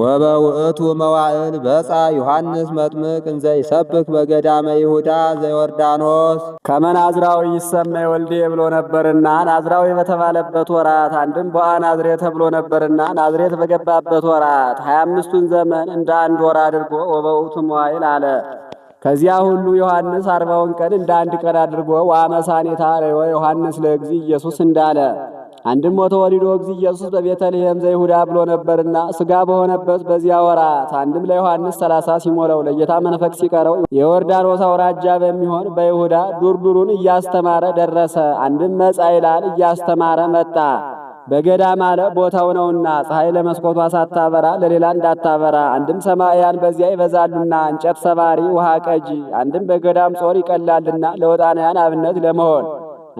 ወበውእቱ መዋዕል በፃ ዮሐንስ መጥምቅ እንዘ ይሰብክ በገዳመ ይሁዳ ዘዮርዳኖስ ከመናዝራዊ ይሰመይ ወልዴ ብሎ ነበርና ናዝራዊ በተባለበት ወራት አንድም በአናዝሬት ብሎ ነበርና ናዝሬት በገባበት ወራት ሀያ አምስቱን ዘመን እንደ አንድ ወር አድርጎ ወበውእቱ መዋዕል አለ። ከዚያ ሁሉ ዮሐንስ አርባውን ቀን እንደ አንድ ቀን አድርጎ ዋመሳኔታ ሬወ ዮሐንስ ለእግዚእ ኢየሱስ እንዳለ አንድም ሞተ ወሊዶ እግዚ ኢየሱስ በቤተልሔም ዘይሁዳ ብሎ ነበርና ስጋ በሆነበት በዚያ ወራት አንድም ለዮሐንስ ሰላሳ ሲሞላው ለጌታ መንፈቅ ሲቀረው የዮርዳኖስ አውራጃ በሚሆን በይሁዳ ዱርዱሩን እያስተማረ ደረሰ። አንድም መጻ ይላል እያስተማረ መጣ። በገዳም አለ ቦታው ነውና ፀሐይ ለመስኮቷ ሳታበራ ለሌላ እንዳታበራ። አንድም ሰማያን በዚያ ይበዛሉና እንጨት ሰባሪ ውሃ ቀጂ። አንድም በገዳም ጾር ይቀላልና ለወጣናያን አብነት ለመሆን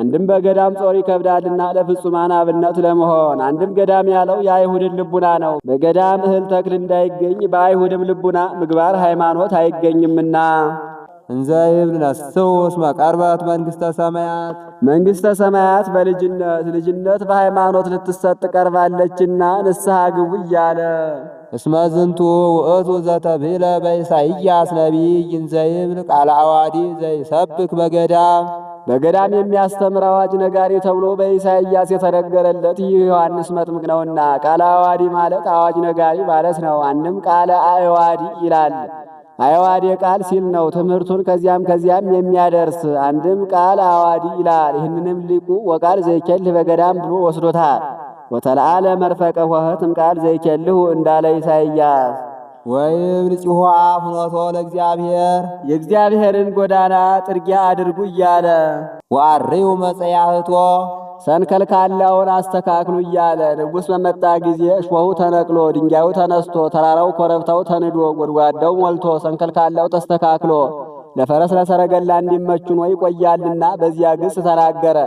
አንድም በገዳም ጾር ይከብዳልና ለፍጹማን አብነት ለመሆን አንድም ገዳም ያለው የአይሁድን ልቡና ነው። በገዳም እህል ተክል እንዳይገኝ በአይሁድም ልቡና ምግባር ሃይማኖት አይገኝምና እንዘ ይብል ማቃርባት እስመ መንግሥተ ሰማያት መንግሥተ ሰማያት በልጅነት ልጅነት በሃይማኖት ልትሰጥ ቀርባለችና ንስሐ ግቡ እያለ እስመ ዝንቱ ውእቱ ዘተብለ በኢሳይያስ ነቢይ እንዘይብል ይብል ቃለ አዋዲ ዘይሰብክ በገዳም በገዳም የሚያስተምር አዋጅ ነጋሪ ተብሎ በኢሳይያስ የተነገረለት ይህ ዮሐንስ መጥምቅ ነውና፣ ቃለ አዋዲ ማለት አዋጅ ነጋሪ ማለት ነው። አንድም ቃለ አዋዲ ይላል። አዋዴ ቃል ሲል ነው። ትምህርቱን ከዚያም ከዚያም የሚያደርስ አንድም ቃል አዋዲ ይላል። ይህንንም ሊቁ ወቃል ዘይኬልህ በገዳም ብሎ ወስዶታል። ወተለዓለ መርፈቀ ኆኅትም ቃል ዘይኬልሁ እንዳለ ኢሳይያስ ወይም ንጹሖ ሁኖቶ ለእግዚአብሔር የእግዚአብሔርን ጎዳና ጥርጊያ አድርጉ እያለ ወአርዩ መጽያህቶ ሰንከልካላውን አስተካክሉ እያለ ንጉሥ በመጣ ጊዜ እሾሁ ተነቅሎ ድንጋዩ ተነስቶ ተራራው ኮረብታው ተንዶ ጎድጓዳው ሞልቶ ሰንከልካላው ተስተካክሎ ለፈረስ ለሰረገላ እንዲመቹን ወይ ይቆያልና በዚያ ግስ ተናገረ።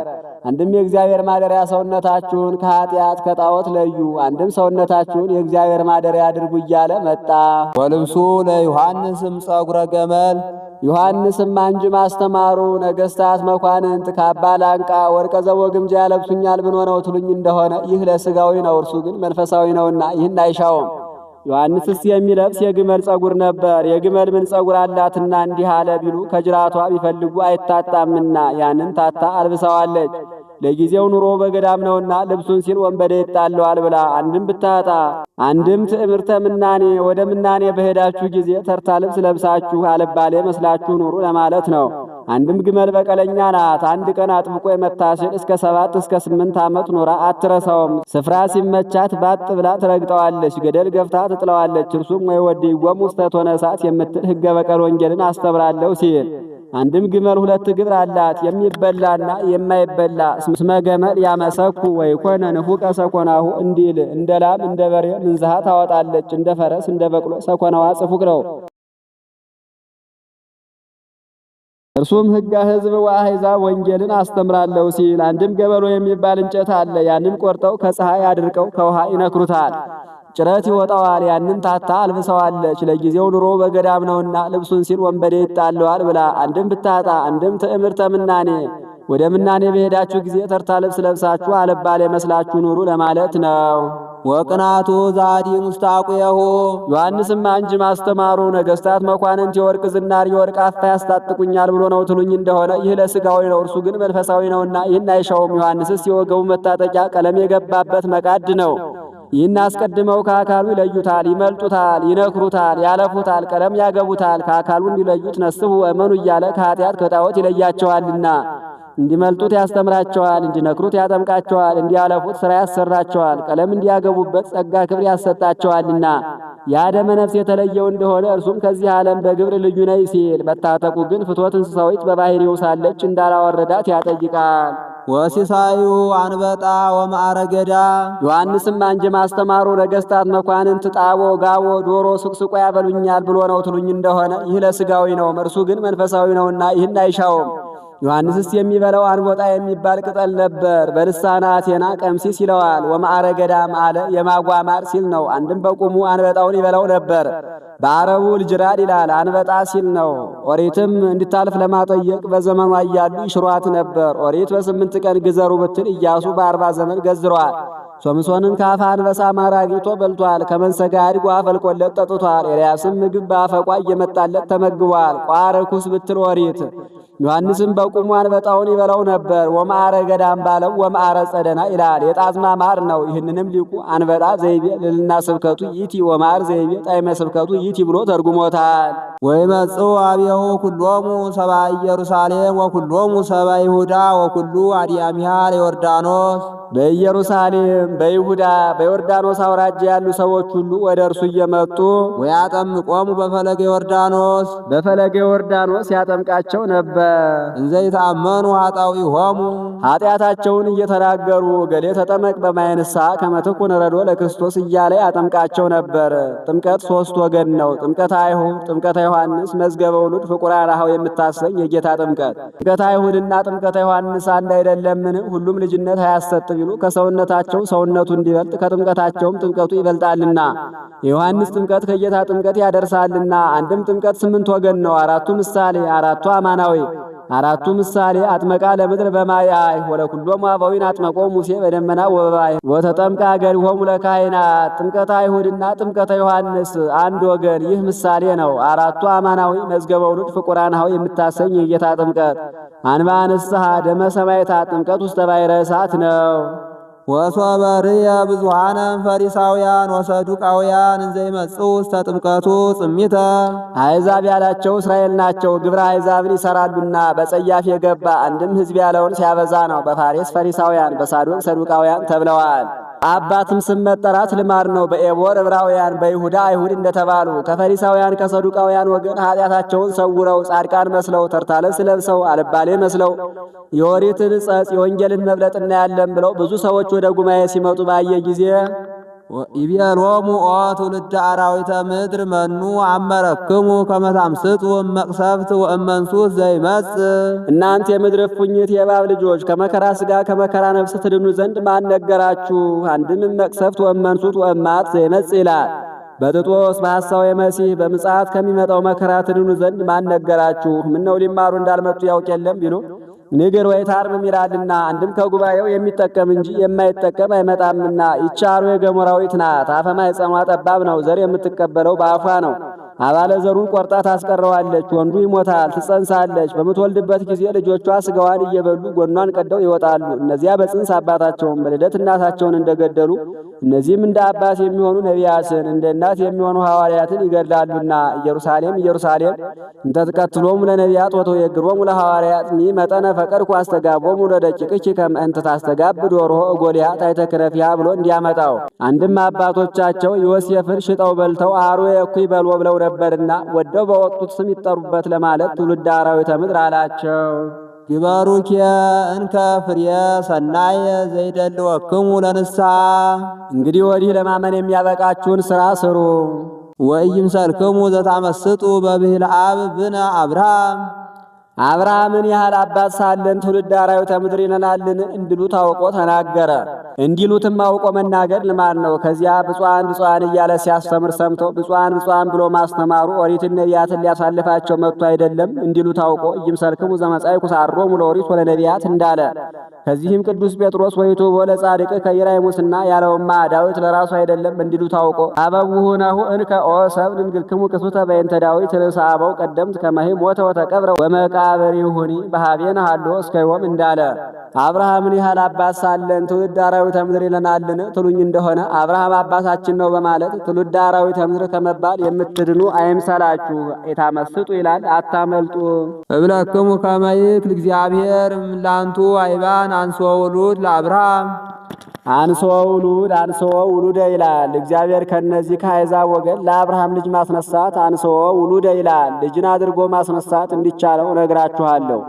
አንድም የእግዚአብሔር ማደሪያ ሰውነታችሁን ከኃጢአት ከጣዖት ለዩ፣ አንድም ሰውነታችሁን የእግዚአብሔር ማደሪያ አድርጉ እያለ መጣ። ወልብሱ ለዮሐንስም ጸጉረ ገመል። ዮሐንስም አንጅ ማስተማሩ ነገሥታት መኳንንት ካባ ላንቃ ወርቀ ዘቦ ግምጃ ያለብሱኛል ብሎ ነው ትሉኝ እንደሆነ ይህ ለሥጋዊ ነው፣ እርሱ ግን መንፈሳዊ ነውና ይህን አይሻውም። ዮሐንስስ የሚለብስ የግመል ጸጉር ነበር። የግመል ምን ጸጉር አላትና እንዲህ አለ ቢሉ ከጅራቷ ቢፈልጉ አይታጣምና ያንን ታታ አልብሰዋለች። ለጊዜው ኑሮ በገዳም ነውና ልብሱን ሲል ወንበዴ ይጣለዋል ብላ አንድም ብታጣ አንድም ትዕምርተ ምናኔ ወደ ምናኔ በሄዳችሁ ጊዜ ተርታ ልብስ ለብሳችሁ አልባሌ መስላችሁ ኑሩ ለማለት ነው። አንድም ግመል በቀለኛ ናት። አንድ ቀን አጥብቆ ሲል እስከ ሰባት እስከ ስምንት ዓመት ኖራ አትረሳውም። ስፍራ ሲመቻት ባጥ ብላ ትረግጠዋለች፣ ገደል ገፍታ ትጥለዋለች። እርሱም ወይ ወዲወም ውስተት ሆነ እሳት የምትል ሕገ በቀል ወንጌልን አስተምራለሁ ሲል አንድም ግመል ሁለት እግር አላት የሚበላና የማይበላ ስመ ገመል ያመሰኩ ወይኮነ ንፉቀ ሰኮናሁ እንዲል እንደ ላም እንደ በሬ ምንዝሃ ታወጣለች እንደ ፈረስ እንደ በቅሎ ሰኮናዋ ጽፉቅ ነው። እርሱም ሕጋ ሕዝብ ወአሕዛብ ወንጌልን አስተምራለሁ ሲል አንድም ገበሎ የሚባል እንጨት አለ። ያንም ቆርጠው ከፀሐይ አድርቀው ከውሃ ይነክሩታል። ጭረት ይወጣዋል። ያንን ታታ አልብሰዋለች። ለጊዜው ኑሮ በገዳም ነውና ልብሱን ሲል ወንበዴ ይጣለዋል ብላ አንድም ብታጣ አንድም ትዕምርተ ምናኔ ወደ ምናኔ በሄዳችሁ ጊዜ ተርታ ልብስ ለብሳችሁ አለባል የመስላችሁ ኑሩ ለማለት ነው። ወቅናቱ ዛቲ ሙስታቁየሁ ዮሐንስም አንጅ ማስተማሩ ነገሥታት መኳንንት የወርቅ ዝናር የወርቅ አፋ ያስታጥቁኛል ብሎ ነው ትሉኝ እንደሆነ ይህ ለስጋዊ ነው፣ እርሱ ግን መንፈሳዊ ነውና ይህን አይሻውም። ዮሐንስስ የወገቡ መታጠቂያ ቀለም የገባበት መቃድ ነው። ይህን አስቀድመው ከአካሉ ይለዩታል፣ ይመልጡታል፣ ይነክሩታል፣ ያለፉታል፣ ቀለም ያገቡታል። ከአካሉ እንዲለዩት ነስቡ እመኑ እያለ ከኃጢአት ከጣዖት ይለያቸዋልና እንዲመልጡት ያስተምራቸዋል፣ እንዲነክሩት ያጠምቃቸዋል፣ እንዲያለፉት ሥራ ያሰራቸዋል፣ ቀለም እንዲያገቡበት ጸጋ ክብር ያሰጣቸዋልና የአደመ ነፍስ የተለየው እንደሆነ እርሱም ከዚህ ዓለም በግብር ልዩ ነይ ሲል መታጠቁ ግን ፍትወት እንስሳዊት በባሕሪው ሳለች እንዳላወረዳት ያጠይቃል። ወሲሳዩ አንበጣ ወማዕረገዳ ዮሐንስም አንጅ ማስተማሩ ነገሥታት መኳንንት ጣቦ ጋቦ ዶሮ ስቅስቆ ያበሉኛል ብሎ ነው ትሉኝ እንደሆነ ይህ ለስጋዊ ነው፣ እርሱ ግን መንፈሳዊ ነውና ይህን አይሻውም። ዮሐንስስ የሚበላው አንበጣ የሚባል ቅጠል ነበር። በልሳነ አቴና ቀምሲስ ይለዋል። ወማዕረ ገዳም አለ የማጓማር ሲል ነው። አንድም በቁሙ አንበጣውን ይበላው ነበር። በአረቡ ልጅራድ ይላል አንበጣ ሲል ነው። ኦሪትም እንድታልፍ ለማጠየቅ በዘመኗ እያሉ ይሽሯት ነበር። ኦሪት በስምንት ቀን ግዘሩ ብትል ኢያሱ በአርባ ዘመን ገዝሯል። ሶምሶንን ከአፈ አንበሳ ማር አግኝቶ በልቷል። ከመንሰጋ አድጎ አፈልቆለት ጠጥቷል። ኤልያስም ምግብ በአፈቋ እየመጣለት ተመግቧል። ቋረኩስ ብትል ወሪት ዮሐንስም በቁሙ አንበጣውን ይበላው ነበር። ወማረ ገዳም ባለው ወማረ ጸደና ይላል። የጣዝማ ማር ነው። ይህንንም ሊቁ አንበጣ ዘይቤ ልልና ስብከቱ ይቲ ወማር ዘይቤ ጣዕመ ስብከቱ ይእቲ ብሎ ተርጉሞታል። ወይመጽኡ አብየው ኩሎሙ ሰባ ኢየሩሳሌም ወኩሎሙ ሰባ ይሁዳ ወኩሉ አዲያሚሃ ለዮርዳኖስ በኢየሩሳሌም በይሁዳ በዮርዳኖስ አውራጃ ያሉ ሰዎች ሁሉ ወደ እርሱ እየመጡ ወያጠምቆሙ በፈለገ ዮርዳኖስ በፈለገ ዮርዳኖስ ያጠምቃቸው ነበር። እንዘይታመኑ ኃጣውኢሆሙ ኃጢአታቸውን እየተናገሩ ገሌ ተጠመቅ በማይንሳ ከመትኩን ረዶ ለክርስቶስ እያለ ያጠምቃቸው ነበር። ጥምቀት ሶስት ወገን ነው። ጥምቀት አይሁድ ጥምቀት ዮሐንስ መዝገበ ውሉድ ፍቁራ ረሃው የምታሰኝ የጌታ ጥምቀት ጥምቀተ አይሁድና ጥምቀተ ዮሐንስ አንድ አይደለምን? ሁሉም ልጅነት አያሰጥ ቢሉ ከሰውነታቸው ሰውነቱ እንዲበልጥ ከጥምቀታቸውም ጥምቀቱ ይበልጣልና የዮሐንስ ጥምቀት ከጌታ ጥምቀት ያደርሳልና። አንድም ጥምቀት ስምንት ወገን ነው። አራቱ ምሳሌ፣ አራቱ አማናዊ አራቱ ምሳሌ አጥመቃ ለምድር በማያይ አይ አበዊን አጥመቆ ሙሴ በደመና ወበባይ ወተጠምቃ ሆሙ ለካህናት ጥምቀተ አይሁድና ጥምቀተ ዮሐንስ አንድ ወገን። ይህ ምሳሌ ነው። አራቱ አማናዊ መዝገበ ውሉድ ፍቁራንሃዊ የምታሰኝ የጌታ ጥምቀት አንባ ንስሐ ደመ ሰማይታ ጥምቀት ውስጥ ባሕረ እሳት ነው። ወሶበርየ ብዙኃነ ፈሪሳውያን ወሰዱቃውያን እንዘይመጹ ውስተ ጥምቀቱ ጽሚተ አሕዛብ ያላቸው እስራኤል ናቸው፣ ግብረ አሕዛብን ይሠራሉና በጸያፍ የገባ አንድም ሕዝብ ያለውን ሲያበዛ ነው። በፋሬስ ፈሪሳውያን በሳዶቅ ሰዱቃውያን ተብለዋል። አባትም ስም መጠራት ልማድ ነው። በኤቦር ዕብራውያን፣ በይሁዳ አይሁድ እንደተባሉ ከፈሪሳውያን ከሰዱቃውያን ወገን ኃጢአታቸውን ሰውረው ጻድቃን መስለው ተርታ ልብስ ለብሰው አልባሌ መስለው የወሪትን ጸጽ የወንጌልን መብለጥ እናያለን ብለው ብዙ ሰዎች ወደ ጉባኤ ሲመጡ ባየ ጊዜ ኢቤሎሙ ኦ ትውልደ አራዊተ ምድር መኑ አመረክሙ ከመታምስጡ መቅሰፍት ወእመንሱ ዘይመጽ እናንተ የምድር እፉኝት የእባብ ልጆች ከመከራ ስጋ ከመከራ ነፍስ ትድኑ ዘንድ ማን ነገራችሁ? አንድም መቅሰፍት ወእመንሱት ወእማት ዘይመጽ ይላል። በጥጦስ በሐሳዊ መሲህ በምጽአት ከሚመጣው መከራ ትድኑ ዘንድ ማን ነገራችሁ? ምነው ሊማሩ እንዳልመጡ ያውቅ የለም ቢሉ ንግር ወይ ታርምም ይላልና አንድም ከጉባኤው የሚጠቀም እንጂ የማይጠቀም አይመጣምና። ይቻሩ የገሞራዊት ናት። አፈማ የጸኗ ጠባብ ነው። ዘር የምትቀበለው በአፏ ነው። አባለ ዘሩን ቆርጣ ታስቀረዋለች። ወንዱ ይሞታል፣ ትጸንሳለች። በምትወልድበት ጊዜ ልጆቿ ስጋዋን እየበሉ ጎኗን ቀደው ይወጣሉ። እነዚያ በጽንስ አባታቸውን በልደት እናታቸውን እንደገደሉ እነዚህም እንደ አባት የሚሆኑ ነቢያትን እንደ እናት የሚሆኑ ሐዋርያትን ይገድላሉና ኢየሩሳሌም ኢየሩሳሌም እንተ ትቀትሎሙ ለነቢያት ወተወግሮሙ ለሐዋርያት ኒ መጠነ ፈቀድኩ አስተጋቦሙ ለደቂቅኪ ከመ እንተ ታስተጋብ ዶርሆ እጎልያ ታሕተ ብሎ እንዲያመጣው አንድም አባቶቻቸው ዮሴፍን ሽጠው በልተው አሮ የኩ በልዎ ብለው ነበር። ነበርና ወደው በወጡት ስም ይጠሩበት ለማለት ትውልድ አራዊተ ምድር አላቸው። ዲበሩኬ እንከ ፍሬ ሰናየ ወክሙ ለንሳ እንግዲህ ወዲህ ለማመን የሚያበቃችሁን ሥራ ስሩ። ወይም ወይምሰልክሙ ዘታመስጡ በብህል አብ ብነ አብርሃም አብርሃምን ያህል አባት ሳለን ትውልድ አራዊተ ምድር ይነናልን እንዲሉት ታውቆ ተናገረ። እንዲሉትም አውቆ መናገር ልማድ ነው። ከዚያ ብፁዓን ብፁዓን እያለ ሲያስተምር ሰምቶ ብፁዓን ብፁዓን ብሎ ማስተማሩ ኦሪትን ነቢያትን ሊያሳልፋቸው መጥቶ አይደለም እንዲሉ ታውቆ እይም ሰልክሙ አውቆ ኩሳሮ ሙሎ ሰዐሮሙ ወለ ነቢያት እንዳለ ከዚህም ቅዱስ ጴጥሮስ ወይቱ ወለ ጻድቅ ከኢራይሙስና ያለውማ ዳዊት ለራሱ አይደለም እንዲሉ ታውቆ አበውሁነሁ እንከ ኦ ሰብእ እንግልክሙ ቅሱተ በይንተ ዳዊት ርእሰ አበው ቀደምት ከመሂ ሞተ ወተቀብረ ወመቃ በሀበሬሁኒ በሀቤን ሃሎ እስከ ዮም እንዳለ አብርሃምን ያህል አባት ሳለን ትውልድ አራዊተ ምድር ይለናልን ትሉኝ እንደሆነ አብርሃም አባታችን ነው በማለት ትውልድ አራዊተ ምድር ከመባል የምትድኑ አይምሰላችሁ። የታመስጡ ይላል አታመልጡ። እብለክሙ ከመይክ ለእግዚአብሔር ምላንቱ አይባን አንሶ ውሉድ ለአብርሃም አንሶ ውሉድ አንሶ ውሉደ ይላል። እግዚአብሔር ከነዚህ ከአሕዛብ ወገን ለአብርሃም ልጅ ማስነሳት አንሶ ውሉደ ይላል። ልጅን አድርጎ ማስነሳት እንዲቻለው ነገር እነግራችኋለሁ።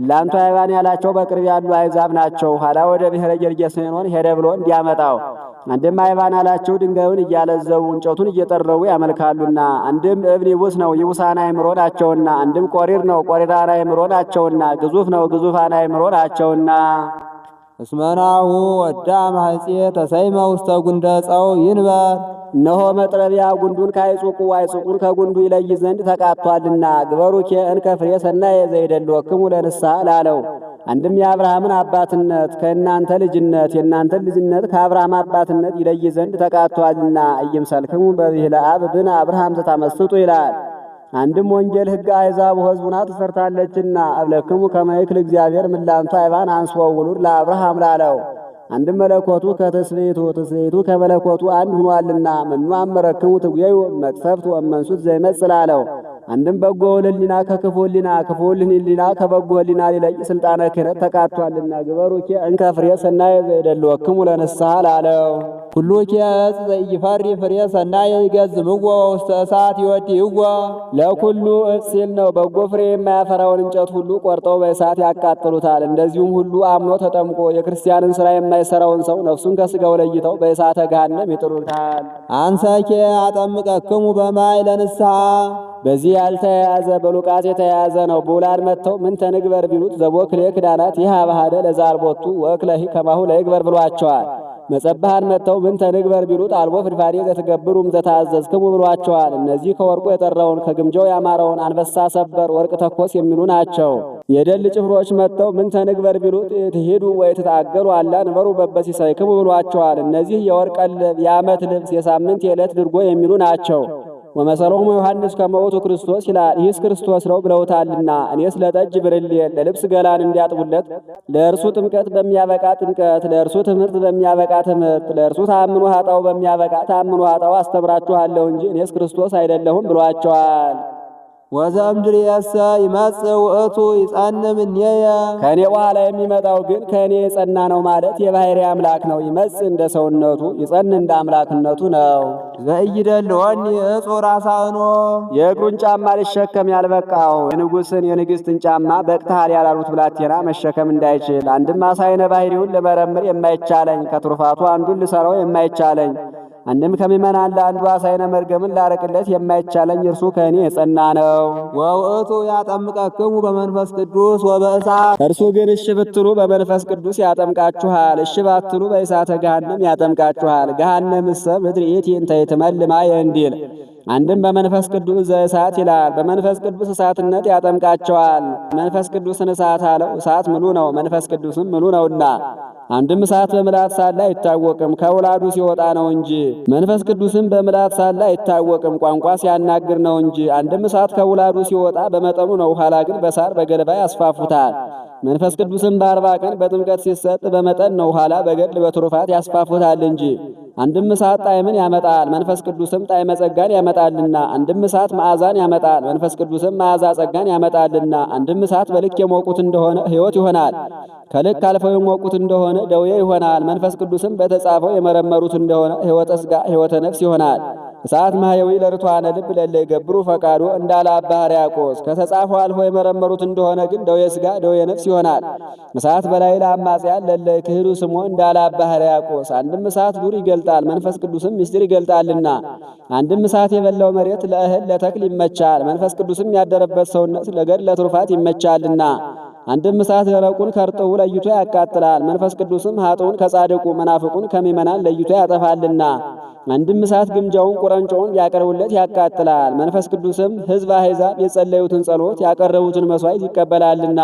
እላንቱ አይባን ያላቸው በቅርብ ያሉ አይዛብ ናቸው። ኋላ ወደ ብሔረ ጌርጌሴኖን ሄደ ብሎ እንዲያመጣው አንድም አይባን አላቸው። ድንጋዩን እያለዘቡ እንጨቱን እየጠረቡ ያመልካሉና፣ አንድም እብን ይቡስ ነው ይቡሳን አይምሮ ናቸውና፣ አንድም ቆሪር ነው ቆሪራን አይምሮ ናቸውና፣ ግዙፍ ነው ግዙፋን አይምሮ ናቸውና እስመናሁ ወዳም ሐፄ ተሰይመ ውስተ ጉንደ ጸው ይንበር እነሆ መጥረቢያ ጉንዱን ካይጹቁ አይጹቁን ከጉንዱ ይለይ ዘንድ ተቃጥቷልና ግበሩኬ እንከ ፍሬ ሰናየ ዘይደልወክሙ ለንስሐ ላለው አንድም የአብርሃምን አባትነት ከእናንተ ልጅነት የእናንተን ልጅነት ከአብርሃም አባትነት ይለይ ዘንድ ተቃጥቷልና እይምሰልክሙ በብሂለ አብ ብነ አብርሃም ዘታመስጡ ይላል። አንድም ወንጌል ሕግ አሕዛብ ወሕዝቡና ትፈርታለችና አብለክሙ ከመይክል እግዚአብሔር ምላንቱ አይባን አንስወው ውሉድ ለአብርሃም ላለው አንድም መለኮቱ ከተስቤቱ ተስቤቱ ከመለኮቱ አንድ ሆኗልና መኑ አመረክሙ ትጉየዩ መቅሰፍት ወመንሱት ዘይመጽ ላለው አንድም በጎ ለሊና ከክፉ ሊና ክፉ ሊና ከበጎ ሊና ሌላ ስልጣነ ክህነት ተቃጥቷልና ግበሩ ኬ እንከፍሬ ሰናይ ዘይደልወክሙ ለንስሐ ላለው ሁሉ ኬ ይፈሪ ፍሬ ሰናይ ይገዝ ምጎ ውስተ እሳት ይጎ ለኩሉ እጽ ነው። በጎ ፍሬ የማያፈራውን እንጨት ሁሉ ቆርጠው በእሳት ያቃጥሉታል። እንደዚሁም ሁሉ አምኖ ተጠምቆ የክርስቲያንን ስራ የማይሰራውን ሰው ነፍሱን ከስጋው ለይተው በእሳተ ገሃነም ይጥሉታል። አንሰ ኬ አጠምቀክሙ በማይ ለንስሐ በዚህ ያልተያዘ በሉቃስ የተያዘ ነው። ብዑላን መጥተው ምን ተንግበር ቢሉት ዘቦክሌ ክዳናት ይህ አባሃደ ለዛ አልቦቱ ወእክለሂ ከማሁ ለይግበር ብሏቸዋል። መጸባሃን መጥተው ምን ተንግበር ቢሉት አልቦ ፍድፋዴ ዘትገብሩም ዘታዘዝክሙ ብሏቸዋል። እነዚህ ከወርቁ የጠራውን ከግምጃው ያማረውን አንበሳ ሰበር ወርቅ ተኮስ የሚሉ ናቸው። የደል ጭፍሮች መጥተው ምን ተንግበር ቢሉት ትሄዱ ወይ ትታገሉ አላ ንበሩ በበሲሳይክሙ ብሏቸዋል። እነዚህ የወርቀ ልብ፣ የዓመት ልብስ፣ የሳምንት የዕለት ድርጎ የሚሉ ናቸው። ወመሰሎሙ ዮሐንስ ከመውቱ ክርስቶስ ይላል። ይህስ ክርስቶስ ነው ብለውታልና እኔስ ለጠጅ ብርሌ ለልብስ ገላን እንዲያጥቡለት ለእርሱ ጥምቀት በሚያበቃ ጥምቀት፣ ለእርሱ ትምህርት በሚያበቃ ትምህርት፣ ለእርሱ ታምኖ ኃጣው በሚያበቃ ታምኖ ኃጣው አስተምራችኋለሁ እንጂ እኔስ ክርስቶስ አይደለሁም ብሏቸዋል። ወዘምድርየሰ ይመጽእ ውእቱ ይጻንም እኔየ ከእኔ በኋላ የሚመጣው ግን ከእኔ የጸና ነው ማለት የባህሪ አምላክ ነው። ይመጽእ እንደ ሰውነቱ፣ ይጸን እንደ አምላክነቱ ነው። ዘኢይደልወኒ እጹ ራሳህኖ የእግሩን ጫማ ልሸከም ያልበቃው የንጉሥን የንግሥትን ጫማ በቅተሃል ያላሉት ብላቴና መሸከም እንዳይችል አንድም አሳይነ ባሕሪውን ልመረምር የማይቻለኝ ከትሩፋቱ አንዱን ልሰራው የማይቻለኝ አንድም ከምእመናን ለአንዱ አሳይነ መርገምን ላረቅለት የማይቻለኝ እርሱ ከእኔ የጸና ነው። ወውእቱ ያጠምቀክሙ በመንፈስ ቅዱስ ወበእሳት፣ እርሱ ግን እሽ ብትሉ በመንፈስ ቅዱስ ያጠምቃችኋል፣ እሽ ባትሉ በእሳተ ገሃነም ያጠምቃችኋል። ገሃነም እሰ ምድርኢት ይንተ ይትመልማ የእንዲል አንድም በመንፈስ ቅዱስ ዘእሳት ይላል። በመንፈስ ቅዱስ እሳትነት ያጠምቃቸዋል። መንፈስ ቅዱስን እሳት አለው። እሳት ምሉ ነው፣ መንፈስ ቅዱስም ምሉ ነውና አንድም እሳት በምልአት ሳለ አይታወቅም፣ ከውላዱ ሲወጣ ነው እንጂ። መንፈስ ቅዱስም በምልአት ሳለ አይታወቅም፣ ቋንቋ ሲያናግር ነው እንጂ። አንድም እሳት ከወላዱ ሲወጣ በመጠኑ ነው፣ ኋላ ግን በሳር በገለባ ያስፋፉታል። መንፈስ ቅዱስም በአርባ ቀን በጥምቀት ሲሰጥ በመጠን ነው፣ ኋላ በገድል በትሩፋት ያስፋፉታል እንጂ። አንድም እሳት ጣዕምን ያመጣል፣ መንፈስ ቅዱስም ጣዕመ ጸጋን ያመጣልና። አንድም እሳት መዓዛን ያመጣል፣ መንፈስ ቅዱስም መዓዛ ጸጋን ያመጣልና። አንድም እሳት በልክ የሞቁት እንደሆነ ሕይወት ይሆናል፣ ከልክ አልፈው የሞቁት እንደሆነ ደዌ ይሆናል። መንፈስ ቅዱስም በተጻፈው የመረመሩት እንደሆነ ሕይወተ ሥጋ ሕይወተ ነፍስ ይሆናል። እሳት ማህየዊ ለርቷነ ልብ ለለ ገብሩ ፈቃዱ እንዳላ አባ ሕርያቆስ ከተጻፈ አልፎ የመረመሩት እንደሆነ ግን ደዌ ሥጋ ደዌ ነፍስ ይሆናል። እሳት በላይ ለአማጽያን ለለ ክህዱ ስሞ እንዳላ አባ ሕርያቆስ አንድም እሳት ዱር ይገልጣል፣ መንፈስ ቅዱስም ምስጢር ይገልጣልና። አንድም እሳት የበላው መሬት ለእህል ለተክል ይመቻል፣ መንፈስ ቅዱስም ያደረበት ሰውነት ለገድ ለትሩፋት ይመቻልና። አንድም እሳት ደረቁን ከርጥቡ ለይቶ ያቃጥላል፣ መንፈስ ቅዱስም ሀጥውን ከጻድቁ መናፍቁን ከሚመናን ለይቶ ያጠፋልና። አንድም እሳት ግምጃውን ቁረንጮውን ሊያቀርቡለት ያቃጥላል። መንፈስ ቅዱስም ሕዝብ አሕዛብ የጸለዩትን ጸሎት ያቀረቡትን መስዋዕት ይቀበላልና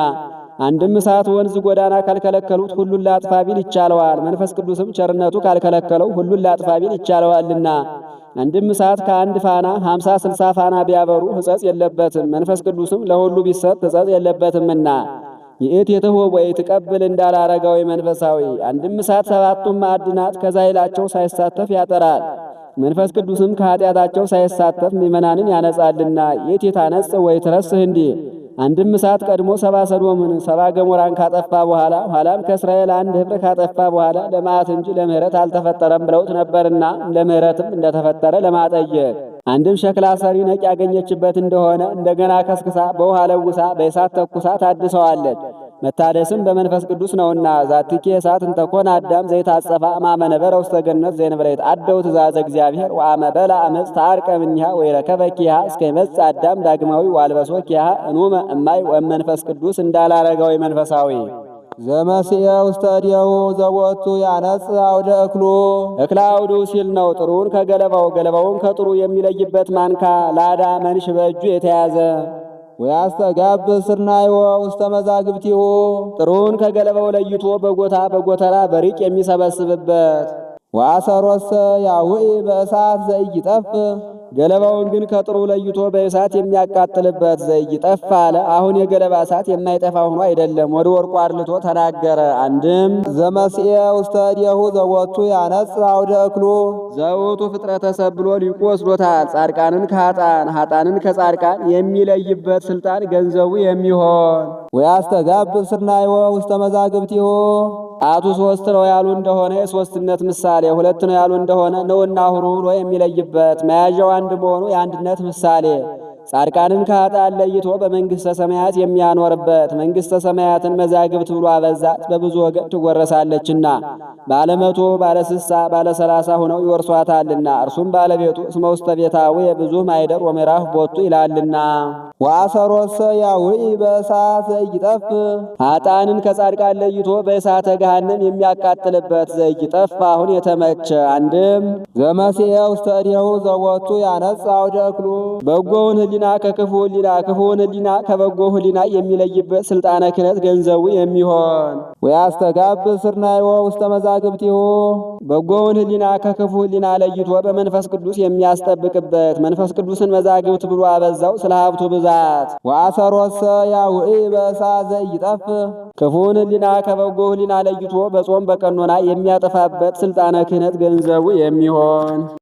አንድም እሳት ወንዝ ጎዳና ካልከለከሉት ሁሉን ላጥፋ ቢል ይቻለዋል። መንፈስ ቅዱስም ቸርነቱ ካልከለከለው ሁሉን ላጥፋ ቢል ይቻለዋልና አንድም እሳት ከአንድ ፋና ሃምሳ ስልሳ ፋና ቢያበሩ ሕጸጽ የለበትም። መንፈስ ቅዱስም ለሁሉ ቢሰጥ ሕጸጽ የለበትምና ይእቲ የተሆበ ትቀብል እንዳለ አረጋዊ መንፈሳዊ አንድም እሳት ሰባቱን ማዕድናት ከዛይላቸው ሳይሳተፍ ያጠራል። መንፈስ ቅዱስም ከኃጢአታቸው ሳይሳተፍ ምእመናንን ያነጻልና የት የታነጽ ወይ ትረስህ እንዲ አንድም እሳት ቀድሞ ሰባ ሰዶምን ሰባ ገሞራን ካጠፋ በኋላ ኋላም ከእስራኤል አንድ ህብር ካጠፋ በኋላ ለማት እንጂ ለምህረት አልተፈጠረም ብለውት ነበርና ለምህረትም እንደተፈጠረ ለማጠየቅ አንድም ሸክላ ሰሪ ነቅ ያገኘችበት እንደሆነ እንደገና ከስክሳ በውሃ ለውሳ በእሳት ተኩሳ ታድሰዋለች። መታደስም በመንፈስ ቅዱስ ነውና ዛትኬ እሳት እንተኮን አዳም ዘይታጸፋ ማመነበረ ውስተ ገነት ዘይንበለይት አደው ትእዛዘ እግዚአብሔር ወአመ በላ አመፅ ታርቀም እኒሃ ወይረከበ ኪሃ እስከ ይመፅ አዳም ዳግማዊ ዋልበሶ ኪሃ እኑመ እማይ መንፈስ ቅዱስ እንዳላረገዊ መንፈሳዊ ዘመስየ ውስተ እዴሁ ዘወቱ ያነጽ አውደ እክሉ እክላ አውዱ ሲል ነው ጥሩውን ከገለባው ገለባውን ከጥሩ የሚለይበት ማንካ ላዳ መንሽ በእጁ የተያዘ ወያስተጋብ ስርናዮ ውስተ መዛግብቲሁ ጥሩን ከገለባው ለይቶ በጎታ በጎተራ በሪቅ የሚሰበስብበት ወአሰሮሰ ያውኢ በእሳት ጠፍ ገለባውን ግን ከጥሩ ለይቶ በእሳት የሚያቃጥልበት ዘይ ጠፋ አለ። አሁን የገለባ እሳት የማይጠፋ ሆኖ አይደለም። ወደ ወርቁ አድልቶ ተናገረ። አንድም ዘመስኤ ውስተ እዴሁ ዘወቱ ያነጽ አውደ እክሉ ዘውቱ ፍጥረተ ሰብ ብሎ ሊቁ ወስዶታል። ጻድቃንን ከሀጣን ሀጣንን ከጻድቃን የሚለይበት ስልጣን ገንዘቡ የሚሆን ወያስተጋብብ ስርናይወ ውስተ መዛግብቲሆ ጣቱ ሶስት ነው ያሉ እንደሆነ የሶስትነት ምሳሌ ሁለት ነው ያሉ እንደሆነ ነውና ሁሩ ብሎ የሚለይበት መያዣው አንድ መሆኑ የአንድነት ምሳሌ ጻድቃንን ከኃጥአን ለይቶ በመንግሥተ ሰማያት የሚያኖርበት መንግሥተ ሰማያትን መዛግብት ብሎ አበዛት በብዙ ወገን ትወረሳለችና ባለ መቶ ባለ ስሳ ባለ ሰላሳ ሆነው ይወርሷታልና እርሱም ባለቤቱ እስመ ውስተ ቤታዊ የብዙ ማይደር ወምዕራፍ ቦቱ ይላልና ወአሰሮሰ ያውይ በእሳት ዘይጠፍ ኃጥአንን ከጻድቃን ለይቶ በእሳተ ገሃነም የሚያቃጥልበት ዘይጠፍ አሁን የተመቸ አንድም ዘመሲኤ ውስተ ዘወቱ ያነጻው ደክሉ በጎውን ህሊና ከክፉ ህሊና ክፉውን ህሊና ከበጎ ህሊና የሚለይበት ስልጣነ ክህነት ገንዘቡ የሚሆን ወያስተጋብ ስርናይዎ ውስተ መዛግብቲሁ በጎውን ህሊና ከክፉ ህሊና ለይቶ በመንፈስ ቅዱስ የሚያስጠብቅበት መንፈስ ቅዱስን መዛግብት ብሎ አበዛው ስለ ሀብቱ ብዛ አላት። ወአሰሮሰ ያውዕ በእሳ ዘይጠፍ ክፉን ሕሊና ከበጎ ሕሊና ለይቶ በጾም በቀኖና የሚያጠፋበት ስልጣነ ክህነት ገንዘቡ የሚሆን